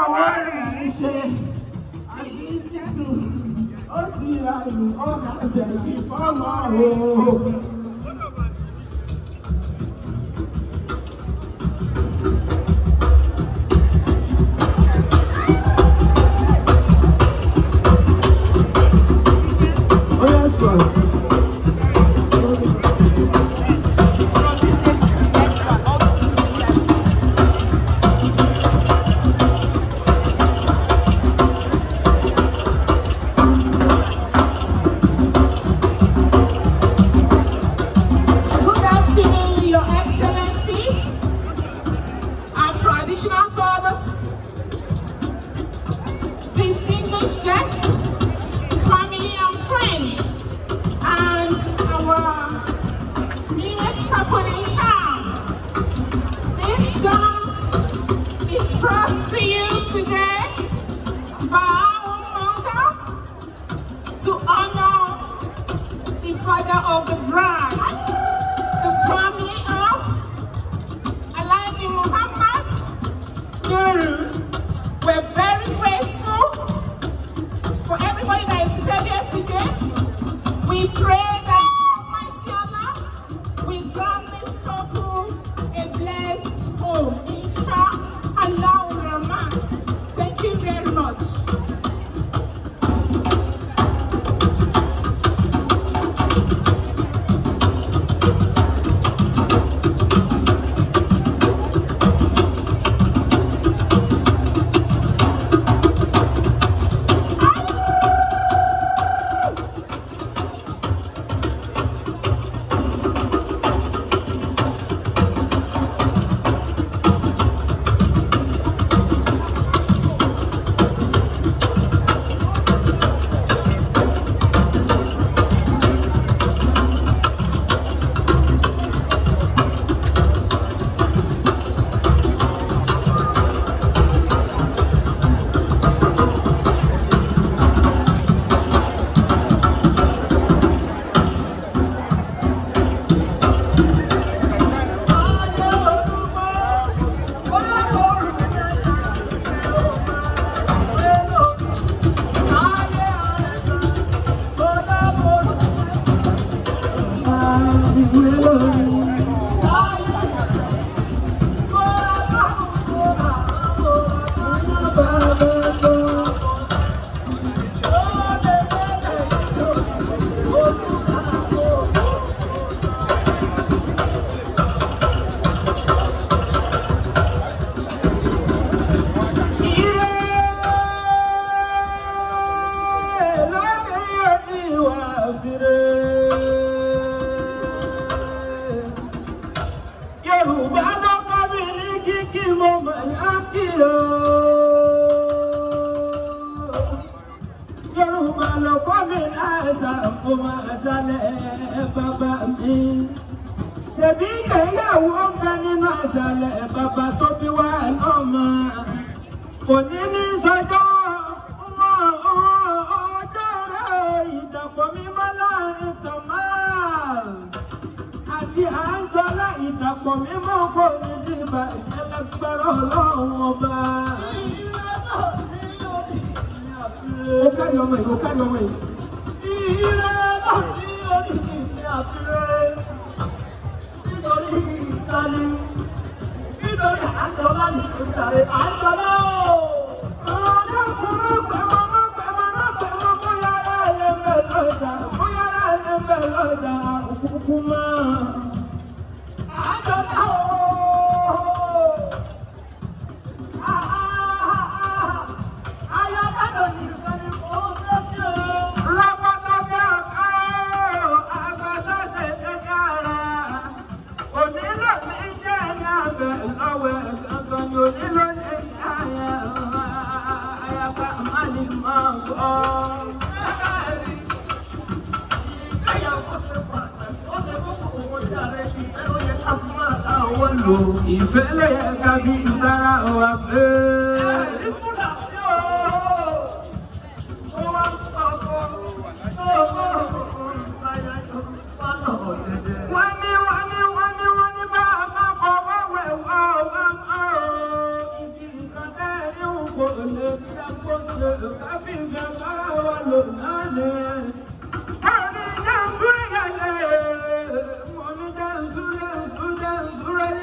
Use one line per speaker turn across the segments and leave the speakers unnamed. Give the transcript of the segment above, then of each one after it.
Oh yes, sir. Concentrate. kò ní ní sọjọ́ wọn ọjọ́ rẹ̀ ìdàpọ̀ mímọ́ láàrin tọ̀mọ́ àti àjọlá ìdàpọ̀ mímọ́ kò ní dìbà ẹlẹgbẹ́rẹ́ ọlọ́run ọba. ó kárí ọmọ yìí ó kárí ọmọ yìí. ìrẹ́ náà ní orí ìpín àfihàn nítorí ìtàlí nítorí àjọlá ìpín tàrí àjọlá o. o ìfẹ́ lè yẹ ká bí ìtara wa pé. wọ́n ní wọ́n ní wọ́n ní wọ́n ní bá a máa fọ wẹ́wẹ́ wá o máa ń hàn o. ìdí nǹkan bẹ́ẹ̀ ni n kò lè fi àkóso kábíyèsí àtàrà wa lò lálẹ́.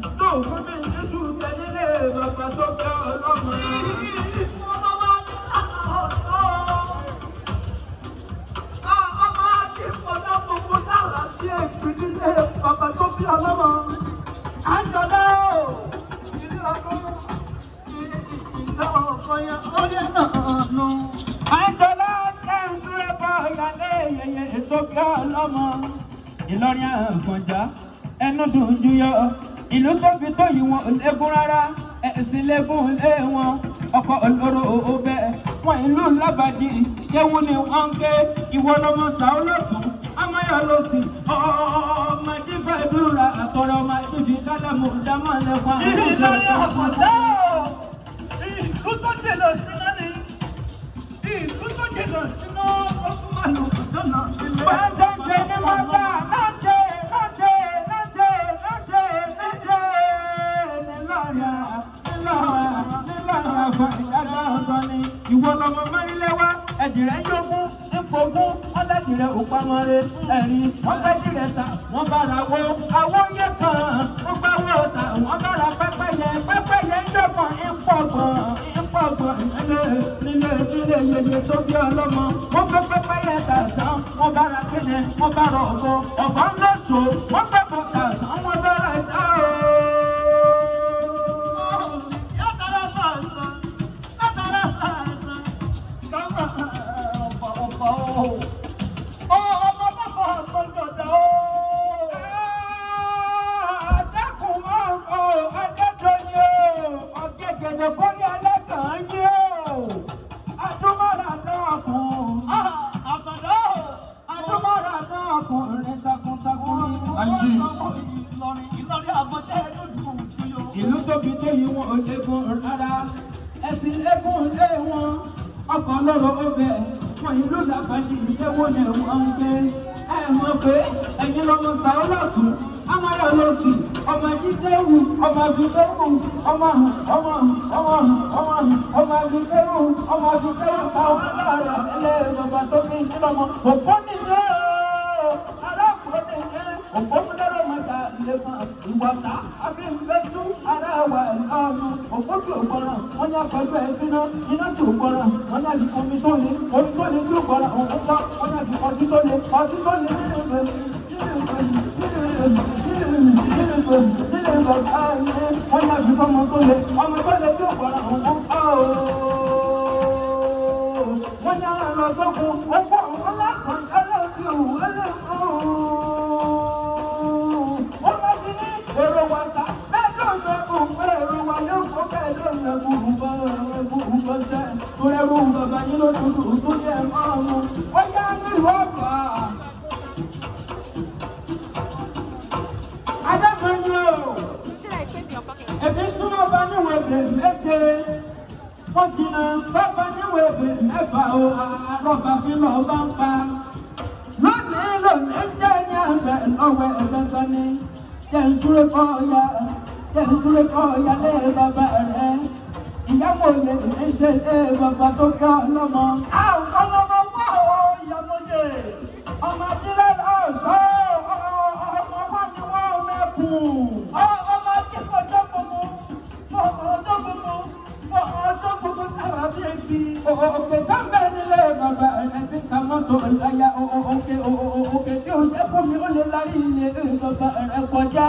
tóun fún mi jésù tẹ́lẹ̀ bàbá tó fẹ́ ọlọ́mọ. Ìdílé bàbá tó fi ọlọ́mọ. Àjọ̀dá o! Ìdílé ọkọ̀ ìlà ọ̀kọ̀ yẹn ó lé náà nù. Àjọ̀dá jẹ́ ìsúrẹ́ bọ̀ ìyálé yẹyẹ ètò fi ọlọ́mọ. Ìlọrin àgbọ̀njá ẹnu dùn jù yọ ìlú tó fi tó yìí wọn ẹgún rárá ẹ̀sìn lẹ́gùn lé wọn ọkọ̀ olóró òó bẹ́ẹ̀ wọn ìlú lábàdí yẹ́wù ni wọ́n ń ké ìwọ lọ́mọ sàó lọ́tún amáyọ̀ lọ́sì ọmọdé bá ìlú ra ọmọ ìdíjì kálàmù dámọ̀ lẹ́kọ̀ọ́ àwọn ọmọdé. ẹ̀dìrẹ́ yógún ipògún ọlẹ́dìrẹ́ òpamọ́re ẹ̀rin wọ́n fẹ́ dìrẹ́ ta wọ́n bára wo àwọn yẹ kan wọ́n bá wọ́ ta wọ́n bára pẹ́pẹ́yẹ pẹ́pẹ́yẹ ń dọ̀gbọ̀n ìpọ̀gbọ̀n ìpọ̀gbọ̀n nílé nílé nílé yeye tó bí ọlọ́mọ wọ́n fẹ́ pẹ́pẹ́yẹ tàṣán wọ́n bára kíni wọ́n bára ọ̀gbọ́n ọ̀gbọ́n lọ́sọ̀ọ́ wọ́n fẹ́ Àjì. Ìlú tóbi tóyí wọn ò lékun rárá. Ẹ̀sìn lékun lé wọn. Ọkọ̀ lọ́rọ̀ ọbẹ̀. Wọ́n ìlú làbájì ìléwọ́ ni wọ́n ń gbé. Ẹ mọ̀ pé ẹ̀yin lọ́mọ sàó lọ́tún. Amọ̀ràn lọ́sì. Ọmọ jíjẹ́wù. Ọmọ àdúgbẹ́wù. Ọmọ àhùn. Ọmọ àhùn. Ọmọ àhùn. Ọmọ àhùn. Ọmọ àdúgbẹ́wù. Ọmọ àdúgbẹ́wù. Ọmọ àlọ́ àrà bàbá tó fi ń sílọ́mọ. Òpó nìyẹn òpópónárò mọ́ta lẹ́kàn ìwàta abíyẹ̀mẹ́tú ará wa ẹ̀kánu òpótù òkọ̀ràn wọ́n ní akọ̀dọ̀ ẹ̀sìn náà iná tí òkọ̀ràn wọ́n ní àbí omi tó le omi tó le tí òkọ̀ràn òun kọ́ wọ́n ní àbí ọtí tó le ọtí tó le nínú ìgbẹ́ wọ́n ní àbí ọmọ tó le ọmọ tó le tí òkọ̀ràn òun kọ́ wọ́n ní àlọ́ sókun ó pọ̀ òun kọ́. Kúrẹ́rù bàbá yín ló dúdú tó yẹ ọ̀run, ó yá nílùú ọ̀fà. Adákanyo, èmi súnmọ́ bá níwèé bè méje, ó jìnnà bàbá níwèé bè mẹ́fà o, àrọ́bà fi lọ́ọ́ bá ń pa. Lónìí lónìí jẹ́ ẹ̀yà bẹ̀ lọ́wọ́ ẹ̀bẹ̀ bẹ̀ ni, jẹ́ ń súré kọ́ ya. Okay, okay, okay. bàbá rẹ̀. Ìyàwó lè lè ṣe é bàbá tó ká lọ́mọ. A ò kọ́ lọ́mọ wá o, ìyàmọ̀dé. Ọmọ Adílẹ̀ ọ̀ṣọ́ ọmọ wa ni wọ́n mẹ́kùn. Ọmọ akẹ́kọ̀ọ́ ọjọ́ gbogbo, ọjọ́ gbogbo, ọjọ́ gbogbo tára bí ebi. Òkè kámbẹ́ nílé bàbá rẹ̀ ti ka mọ́tò ìlàyà òkè òkè tí ó jẹ́ fún mi ó lè lárí ilé bàbá rẹ̀ kọjá.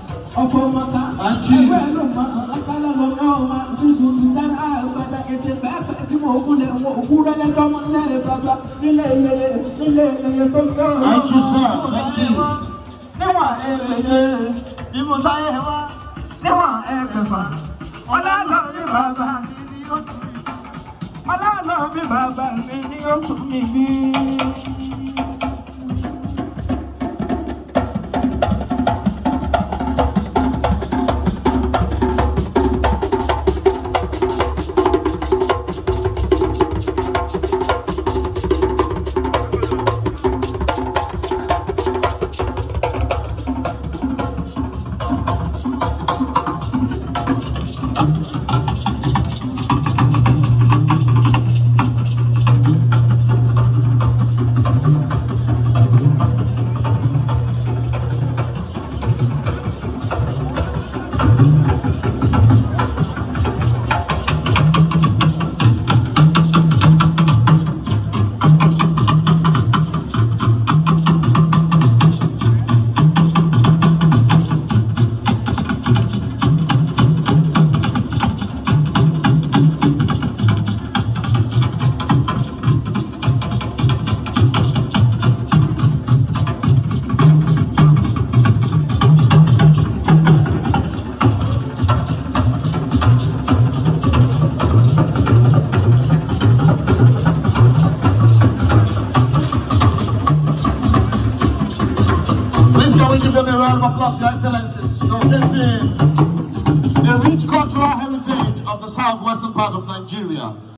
ọkọ maka ẹgbẹ ẹnu ma akala lọ ká ọma tuntun ti dára àgbàdà ètè bẹẹfẹ tí mo kú lẹ wọ òkú rẹlẹ dọmọ nílẹ bàbá nílẹ ìlẹyẹ nílẹ ìlẹyẹ tó ká ọmọ ọmọ ọmọ níwà ẹyẹ ìmọ̀ sáyẹ wa níwà ẹgbẹ̀fà ọlọ́lọ́ mi bàbá mi ni ó tún mi ọlọ́lọ́ mi bàbá mi ni ó tún mi bí. of applause, Your Excellencies, showcasing the rich cultural heritage of the southwestern part of Nigeria.